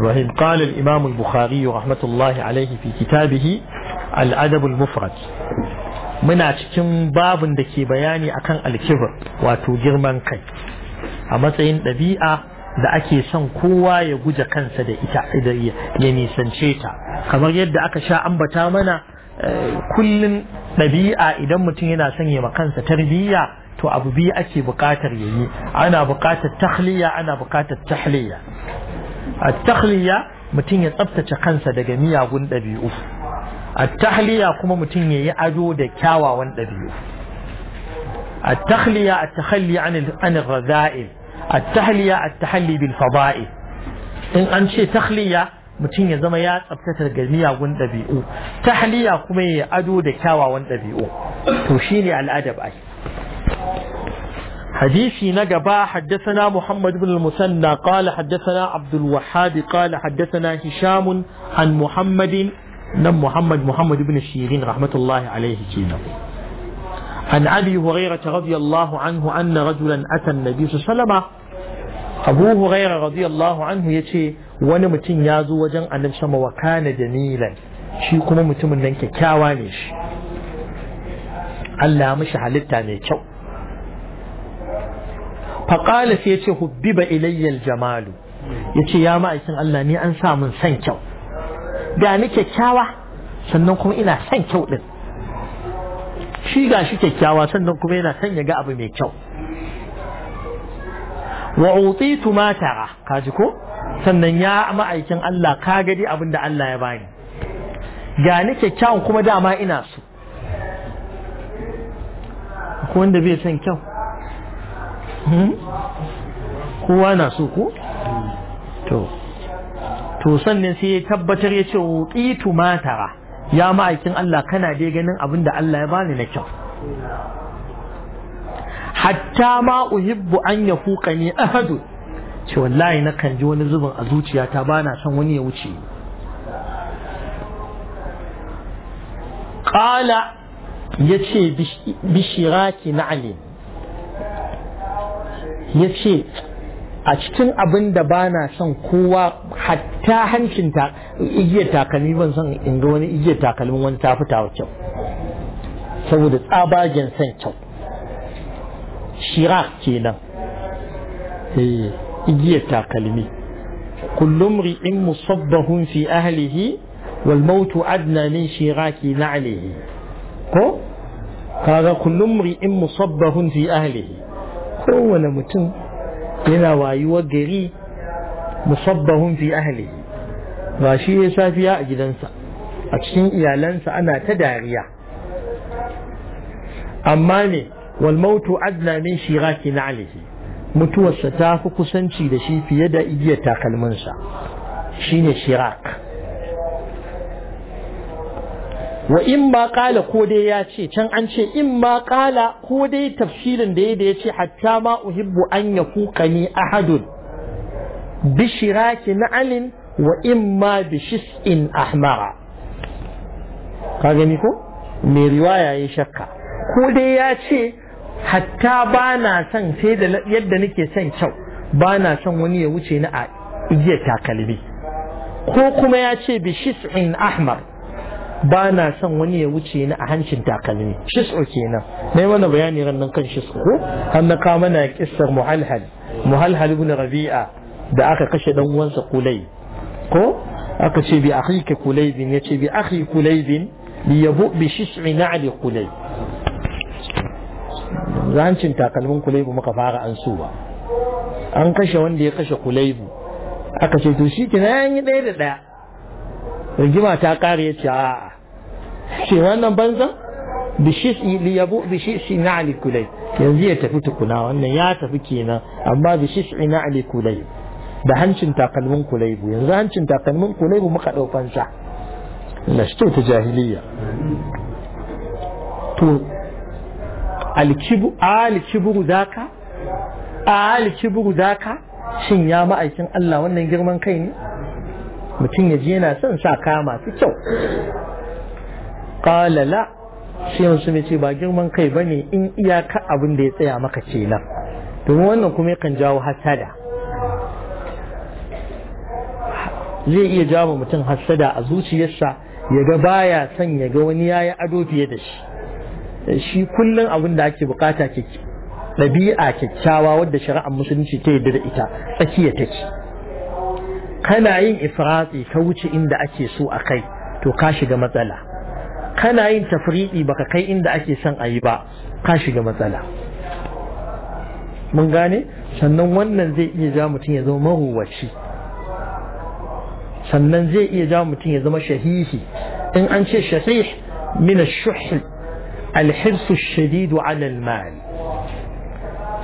الرحيم قال الإمام البخاري رحمة الله عليه في كتابه الأدب المفرد muna cikin babin da ke bayani akan alkibir wato girman kai a matsayin ɗabi'a da ake son kowa ya guje kansa da ita ya nisance ta kamar yadda aka sha ambata mana kullun ɗabi'a idan mutum yana son ya kansa tarbiyya to abu biyu ake buƙatar yayi ana buƙatar tahliya ana buƙatar tahliya A tahliya mutum ya tsaftace kansa daga miyagun ɗabi'u a tahliya kuma mutum ya yi ado da kyawawan ɗabi'u A tahliya a takhalli an ar a tahliya a tahalli bil fada'il in an ce tahliya mutum ya zama ya tsaftace daga miyagun ɗabi'u tahliya kuma ya yi ado da kyawawan ɗabi'u to shine al'adab ai حديثي نقبا حدثنا محمد بن المثنى قال حدثنا عبد الوهاب قال حدثنا هشام عن محمد نم محمد محمد بن الشيرين رحمة الله عليه كينا عن أبي هريرة رضي الله عنه أن رجلا أتى النبي صلى الله عليه وسلم أبو هريرة رضي الله عنه يتي ونمتن يازو وجن أن السماء وكان جميلا شي كما متمن لنك كاوانيش Allah mishi halitta mai kyau faƙala sai ya ce hubbiba ilayyal jamalu ya ce ya ma'aikin Allah ni an sa mun san kyau da ni kyakkyawa sannan kuma ina san kyau din shi ga shi kyakkyawa sannan kuma yana san ya ga abu mai kyau wa utitu ma tara kaji ko sannan ya ma'aikin Allah ka gadi abin da Allah ya bani ga ni kyakkyawan kuma dama ina so wanda bai san kyau Hmm? kowa na so ko to to sannan sai ya tabbatar ya ce wuqitu matara ya ma'aikin Allah kana dai ganin abin da Allah ya bani na kyau hatta ma uhibbu an ne ahadu ce wallahi na kan ji wani zubin a zuciyata bana son wani ya wuce qala yace bishiraki na'li ya ce a cikin abin da ba na son kowa hatta hancin ta igiyar takalmi ban son in ga wani igiyar takalmin wani ta fita wa kyau saboda tsabagen son kyau shirak kenan eh, igiyar takalmi kullum ri'in musabbahun fi ahlihi wal mautu adna min shiraki alihi. ko kaga kullum ri'in musabbahun fi ahlihi kowane mutum yana wayuwar gari musabbahun fi ahli ba shi ya safiya a gidansa a cikin iyalansa ana ta dariya amma ne walmautu adna min shiraki na alihi mutuwarsa ta fi kusanci da shi fiye da igiyar takalminsa shi ne shirak wa in ma kala ko dai ya ce can an ce in ma kala ko dai tafsirin da ya da ya ce hatta ma uhibbu an ya kuka ni ahadun bishiraki na'alin wa in ma in ahmara ka gani ko mai riwaya ya shakka ko dai ya ce hatta ba na son sai da yadda nake son kyau ba na son wani ya wuce ni a iya takalmi ko kuma ya ce bishis'in ahmar ba na son wani ya wuce ni a hancin takalmi shis'u kenan na mana bayani ran nan kan shis'u ko an na kawo mana kissar muhalhal muhalhal ibn rabi'a da aka kashe dan uwansa kulai ko aka ce bi ka kulai bin ya ce bi akhi kulai bin li yabu bi shis'i na'li kulai rancin takalmin kulaibu muka fara an ba an kashe wanda ya kashe bu. aka ce to shi kina yi daya da daya rigima ta ƙare ya ce a'a ce wannan banza? bishisi liyabu na alikulai yanzu ya tafi tukuna wannan ya tafi kenan amma bishisi na alikulai da hancin takalmin kulai bu yanzu hancin takalmin kulai bu muka ɗaukansa na shi ta jahiliya to alkiburu zaka a zaka shin ya ma'aikin Allah wannan girman kai ne mutum ya ji yana son sa kaya masu kyau Ƙalala sai wasu mai ce ba girman kai ba ne in iyaka abin da ya tsaya maka nan. domin wannan kuma yakan jawo hasada zai iya jawo mutum hasada a zuciyarsa ya ga baya son ya ga wani yayi ado fiye da shi shi kullum abin da ake bukata ke ɗabi'a kyakkyawa wadda shari'ar musulunci ta yarda da ita tsakiya take kana yin ifrati ka wuce inda ake so a kai to ka shiga matsala kana yin tafriɗi baka kai inda ake son a yi ba ka shiga matsala mun gane sannan wannan zai iya ja mutum ya zama mahuwaci sannan zai iya ja mutum ya zama shahihi in an ce shahih min ash-shuhl al-hirs ash-shadid 'ala al-mal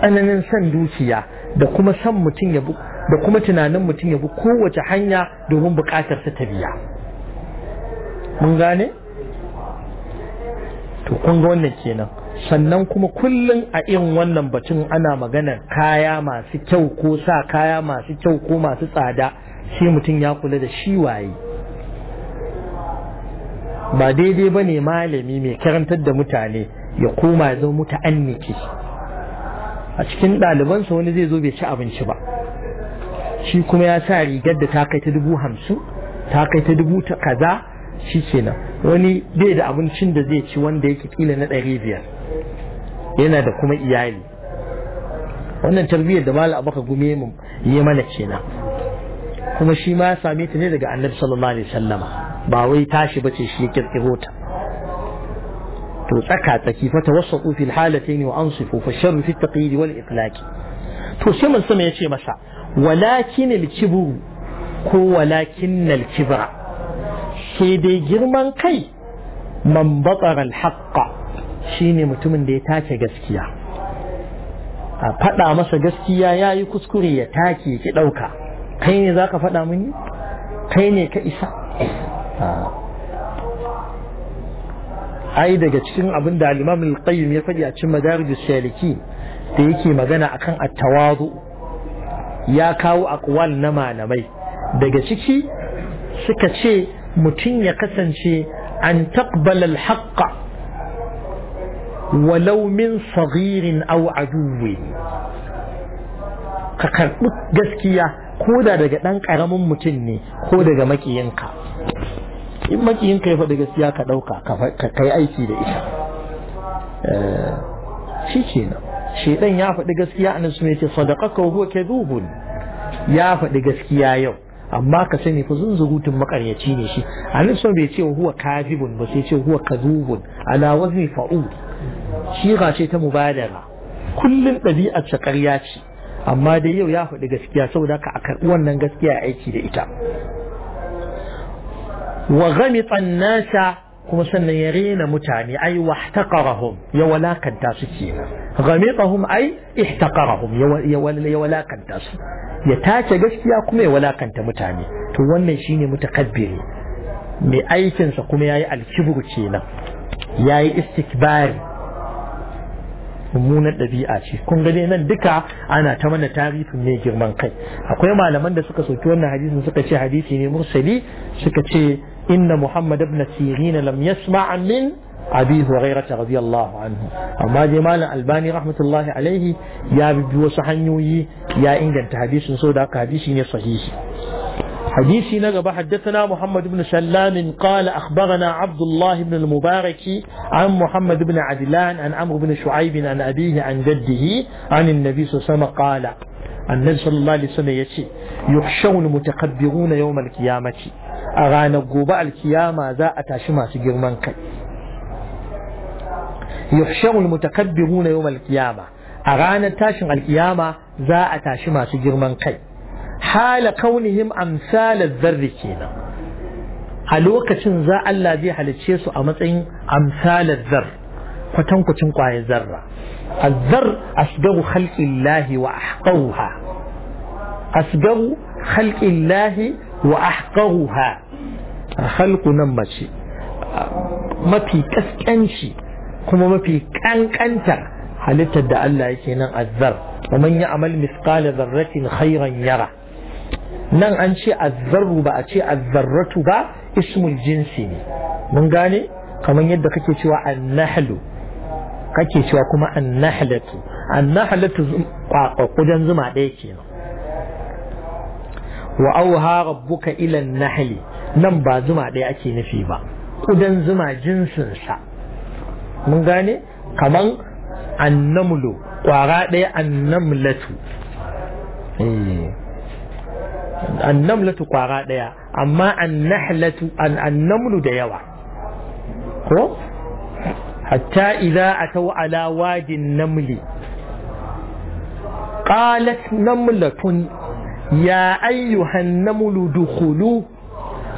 tsananin san dukiya da kuma san mutum ya da kuma tunanin mutum ya bi kowace hanya domin bukatarsa ta biya mun gane to kun ga wannan kenan sannan kuma kullum a irin wannan batun ana maganar kaya masu kyau ko sa kaya masu kyau ko masu tsada sai mutum ya kula da shi waye ba daidai ba ne malami mai karantar da mutane ya koma ya zo muta'anniki a cikin ɗalibansa wani zai zo bai ci abinci ba shi kuma ya sa rigar da ta kai ta dubu hamsin ta kai ta dubu ta kaza shi kenan wani bai da abincin da zai ci wanda yake kila na ɗari biyar yana da kuma iyali wannan tarbiyyar da mala abaka gume mu yi mana kenan kuma shi ma ya same ta ne daga annabi sallallahu alaihi wasallama ba wai tashi ba ce shi ya kirkiro ta to tsaka tsaki fa tawassatu fil halatayn wa ansifu fa sharru fit taqyid wal iqlaq to sai mun sama yace masa walakin al-kibru ko walakin al-kibra sai dai girman kai man batsara al-haqqa shine mutumin da ya take gaskiya a faɗa masa gaskiya ya yi kuskure ya take ki ɗauka kai ne za ka faɗa mini kai ne ka isa ai daga cikin abin da al-imam al-qayyim ya faɗi a cikin madarijus saliki da yake magana akan attawazu ya kawo akwal na malamai daga ciki suka ce mutum ya kasance an taqbala al-haqqa walau min saghirin aw aduwi ka karbi gaskiya ko da daga ɗan ƙaramin mutum ne ko daga makiyinka in makiyinka ya faɗi gaskiya ka ɗauka ka kai aiki da ita eh, shi kenan shedan ya faɗi gaskiya annabi sun yace sadaqaka ka huwa kadhubun ya faɗi gaskiya yau amma ka sani fa zunzurutun makaryaci ne shi annabi sun bai ce huwa kadhibun ba sai ce huwa kadhubun ala wazni shi shira ce ta mubadara kullun dabi'ar ta ƙarya ce amma dai yau ya faɗi gaskiya saboda ka a karɓi wannan gaskiya aiki da ita wa ghamita nasa kuma sannan ya rena mutane ai wahtaqarahum ya walakanta su kenan ghamidahum ai ihtaqarahum ya walakanta su ya tace gaskiya kuma ya walakanta mutane to wannan shine mutakabbiri mai aikinsa kuma yayi alkibru kenan yayi istikbari Mummunan ɗabi'a ce kun ga dai nan duka ana ta mana tarihin ne girman kai akwai malaman da suka soki wannan hadisin suka ce hadisi ne mursali suka ce إن محمد بن سيرين لم يسمع من أبي هريرة رضي الله عنه أما جمال الباني رحمة الله عليه يا بيو سحنيوي يا إنجن حديث سودا حديث صحيح حديث نقب حدثنا محمد بن سلام قال أخبرنا عبد الله بن المبارك عن محمد بن عدلان عن عمرو بن شعيب عن أبيه عن جده عن النبي صلى الله عليه وسلم قال النبي صلى الله عليه وسلم يشي يخشون المتكبرون يوم القيامة a ranar gobe alkiyama za a tashi masu girman kai yuhsharul mutakabbiruna yawmal qiyama a ranar tashin alkiyama za a tashi masu girman kai hala kaunihim amsalaz zarri kenan a lokacin za Allah zai halicce su a matsayin amsalaz zar kwatankwacin kwayar zarra الذر أسبغ خلق الله وأحقوها أسبغ خلق الله wa ahqaruha khalqu nan mace mafi kaskanci kuma mafi kankanta halittar da Allah yake nan azzar wa man ya'mal mithqala dharratin khairan yara nan an ce azzarru ba a ce azzarratu ba ismul jinsi ne mun gane kamar yadda kake cewa annahlu kake cewa kuma annahlatu annahlatu kudan zuma ɗaya kenan wa auha rabbuka ila nahli nan ba zuma ɗaya ake nufi ba kudan zuma jinsin sa mun gane kaman annamlu kwara ɗaya annamlatu eh. annamlatu ƙwara ɗaya amma annahlatu annamlu da yawa ko hatta idza ataw ala wadin namli qalat namlatun ya ayu hannamulu dukulu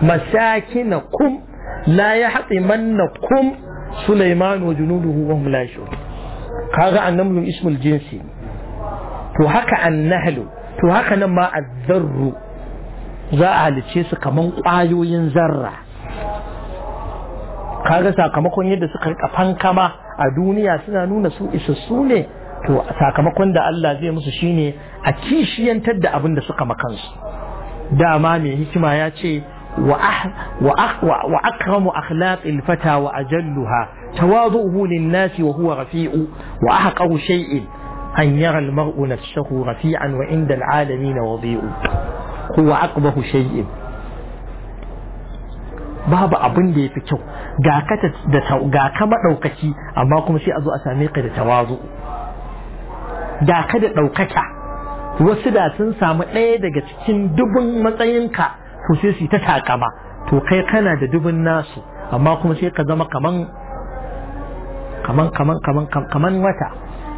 masakina kum la ya haɗe manna kum sulaimanu junuduhu wa mulashu kaga annamulu ismul jinsi to haka annahalu to haka nan ma azzarru za a halice su kaman ƙwayoyin zarra kaga sakamakon yadda suka rika fankama a duniya suna nuna su isassu ne to sakamakon da Allah zai musu shine a kishiyantar da abin da suka makansu dama mai hikima ya ce wa akramu akhlaqil fata wa ajalluha tawadu'uhu lin-nasi wa huwa rafi'u wa ahqahu shay'in an yara al-mar'u nafsahu rafi'an wa 'inda al-'alamin wadi'u huwa aqbahu shay'in babu abin da yafi kyau ga ka da ga ka madaukaki amma kuma sai a zo a same ka da tawazu da ka da ɗaukaka wasu da sun samu ɗaya daga cikin dubun matsayinka to sai su ta takama to kai kana da dubun nasu amma kuma sai ka zama kaman kaman kaman kaman kaman wata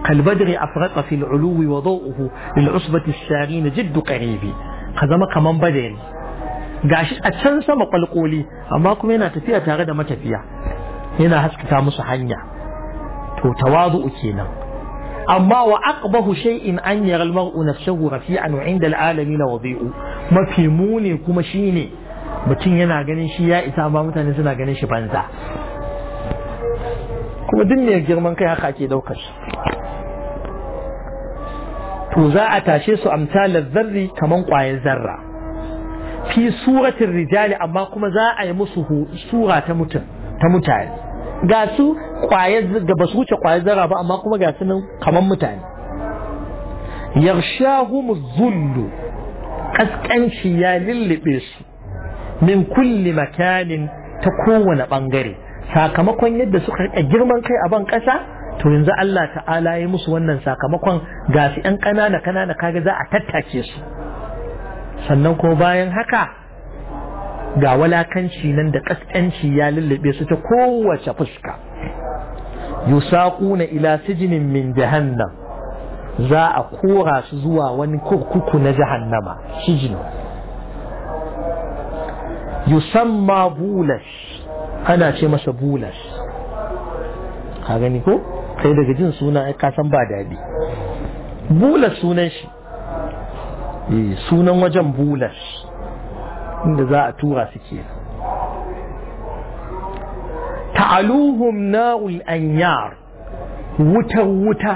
kalbadri afraqa fil uluwi wa dawuhu lil usbati sharin jiddu qaribi ka zama kaman badari gashi a can sama kwalkoli amma kuma yana tafiya tare da matafiya yana haskaka musu hanya to tawazu'u kenan amma wa aqbahu shay'in an yara al-mar'u nafsahu rafi'an wa 'inda al-alamin wadi'u mafi muni kuma shine mutum yana ganin shi ya isa amma mutane suna ganin shi banza kuma duk mai girman kai haka ake daukar shi to za a tashe su amsalar zarri kaman ƙwayar zarra fi suratin rijali amma kuma za a yi musu sura ta mutum ta mutane ga su ga ba su wuce kwaye zara ba amma kuma ga su nan kamar mutane yarshahumu zullu kaskanci ya lullube su min kulle makanin ta kowane bangare sakamakon yadda suka rika girman kai a ban kasa to yanzu Allah ta'ala ya musu wannan sakamakon ga su 'yan ƙanana ƙanana kaga za a tattace su sannan ko bayan haka ga walakanci nan da kaskanci ya lullube su ta kowace fuska yusaquna ila sijnin min jahannam za a kora su zuwa wani kurkuku na jahannama sijin yusamma bulash ana ce masa bulash ka gani ko kai daga jin suna ai ka san ba daɗi bulash sunan shi eh, sunan wajen bulash inda za a tura su ke ta'aluhum na'ul anyar wutar wuta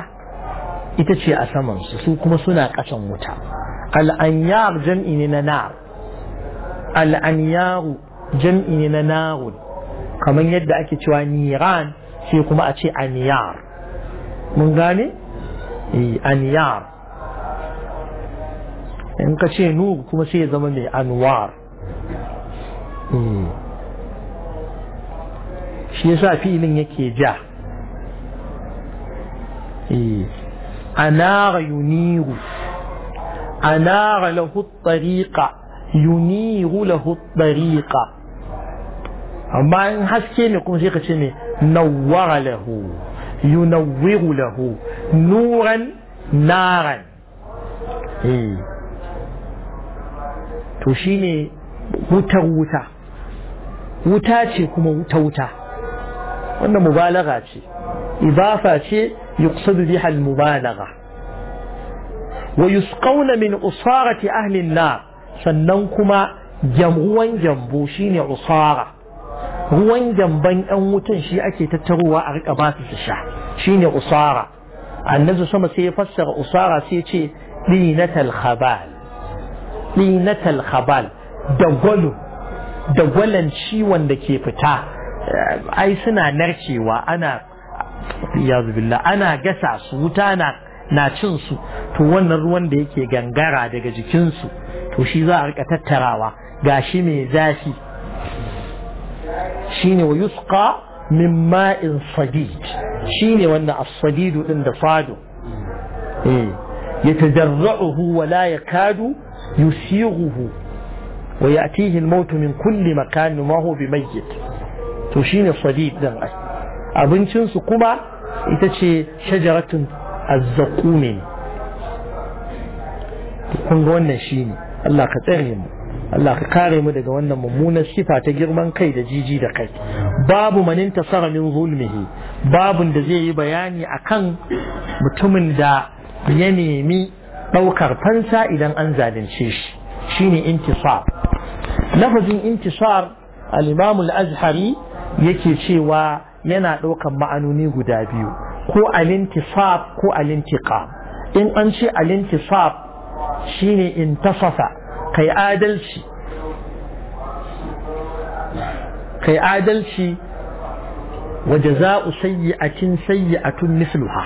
ita ce a samansu su kuma suna ƙasan wuta al'anyar jam'i ne na nar al'anyaru jam'i ne na narun kamar yadda ake cewa niran sai kuma a ce aniyar mun gane? Eh, aniyar in ka ce nur kuma sai ya zama mai anwar Eh. shi yasa filin yake ja أنار ينير أنار له الطريق ينير له الطريق أما إن حسكين يقوم شيخ شمي نور له ينور له نورا نارا إيه تشيني وتر وتر wuta ce kuma ta wuta wannan mubalagha ce idafa ce yuqsadu biha al-mubalagha wa yusqawna min usarati ahli an-nar sannan kuma jam'uwan jambu shine usara ruwan jamban ɗan wutan shi ake tattaruwa a rika ba su sha shine usara annabi sama sai ya fassara usara sai ya ce dinatal khabal dinatal khabal da gwalo Da gwalan ciwon da ke fita eh, ai suna narkewa ana billah ana gasa su wuta na na cin su to wannan ruwan da yake gangara daga jikinsu to shi za a rika tattarawa gashi mai zafi shine wa yusqa min ma'in sadid shine wannan as-sadidu din da fado eh yatajarra'uhu wa la yakadu yusighuhu ويأتيه الموت من كل مكان ما هو بميت to shine sadid din ai abincin su kuma ita ce shajaratun azzaqumin kun ga wannan shine Allah ka tsare mu Allah ka kare mu daga wannan mummunar sifa ta girman kai da jiji da kai babu manin tasara min zulmihi babun da zai yi bayani akan mutumin da ya nemi ɗaukar fansa idan an zalunce shi shine intisab lafazin intisar alimamul imam al-azhari yake cewa yana ɗaukan ma'anoni guda biyu ko al ko al in an ce al-intisab shine intasafa kai adalci kai adalci wa jaza'u sayyi'atin sayyi'atun misluha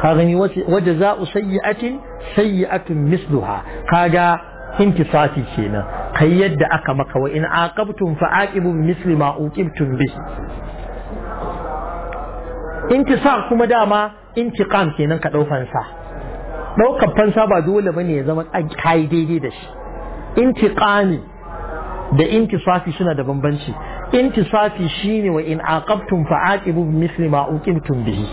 ka gani wa jaza'u sayyi'atin sayyi'atun misluha kaga kun kisasi kenan kai yadda aka maka wa in aqabtum fa aqibu misli ma uqibtum bi intisar kuma dama intiqam kenan ka dau fansa daukar fansa ba dole bane ya zama kai daidai da shi intiqami da intisafi suna da bambanci intisafi shine wa in aqabtum fa aqibu misli ma uqibtum bihi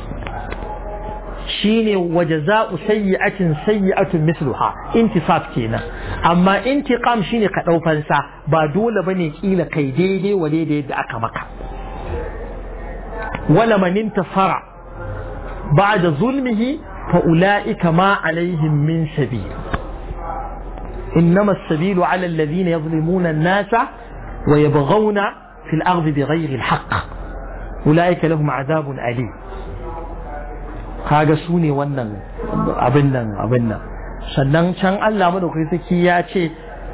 shine wajaza'u sayyi'atin sayyi'atun misluha intisab kenan amma intiqam shine ka dau fansa ba dole bane kila kai daidai wa daidai yadda aka maka wala man intasara ba'da zulmihi fa ulaika ma alaihim min sabil innamas sabilu 'ala إنما السبيل على الذين يظلمون الناس ويبغون في الأرض بغير الحق أولئك lahum 'adabun أليم kaga su ne wannan abin nan abin nan sannan can Allah madaukakin sarki ya ce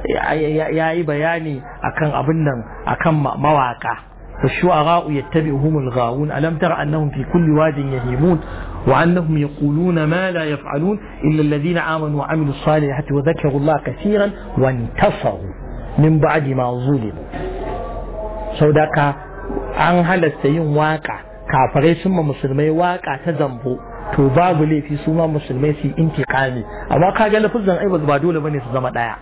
ya yi bayani akan abin nan akan mawaka فالشعراء يتبعهم الغاوون ألم تر أنهم في كل واد يهيمون وأنهم يقولون ما لا يفعلون إلا الذين آمنوا وعملوا الصالحات وذكروا الله كثيرا وانتصروا من بعد ما ظلموا سوداك عن هل السيون واقع كافرين ثم مسلمي واقع تذنبوا to babu laifi su ma musulmai su intiqami amma kaga lafuzan ai ba dole bane su zama daya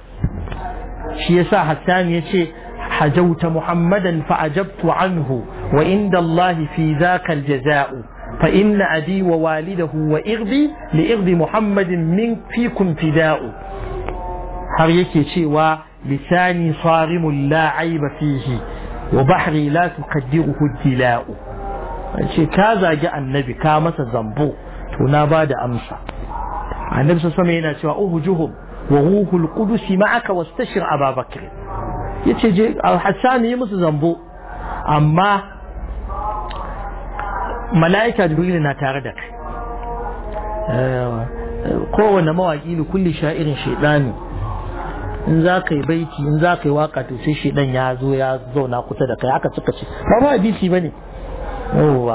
shi yasa Hassan yace hajauta Muhammadan fa ajabtu anhu wa inda Allah fi zaka aljaza'u fa inna abi wa walidahu wa irdi li irdi Muhammadin min fikum fida'u har yake cewa lisani sarimu la aiba fihi wa bahri la tuqaddiruhu dila'u ce ka zagi annabi ka masa zambo to na ba da amsa annabi sama yana cewa juhun wa ruhul wasu ma'aka ababakir ya yace je alhassani yi musu zambo amma mala'ika jibrilu na tare da kai eh, kowane mawaki ne kulli sha'irin shaidani in za ka yi baiti in za ka yi waka to sai shaidan ya zo ya zauna kusa da kai haka suka ce ba ba hadisi ba ne?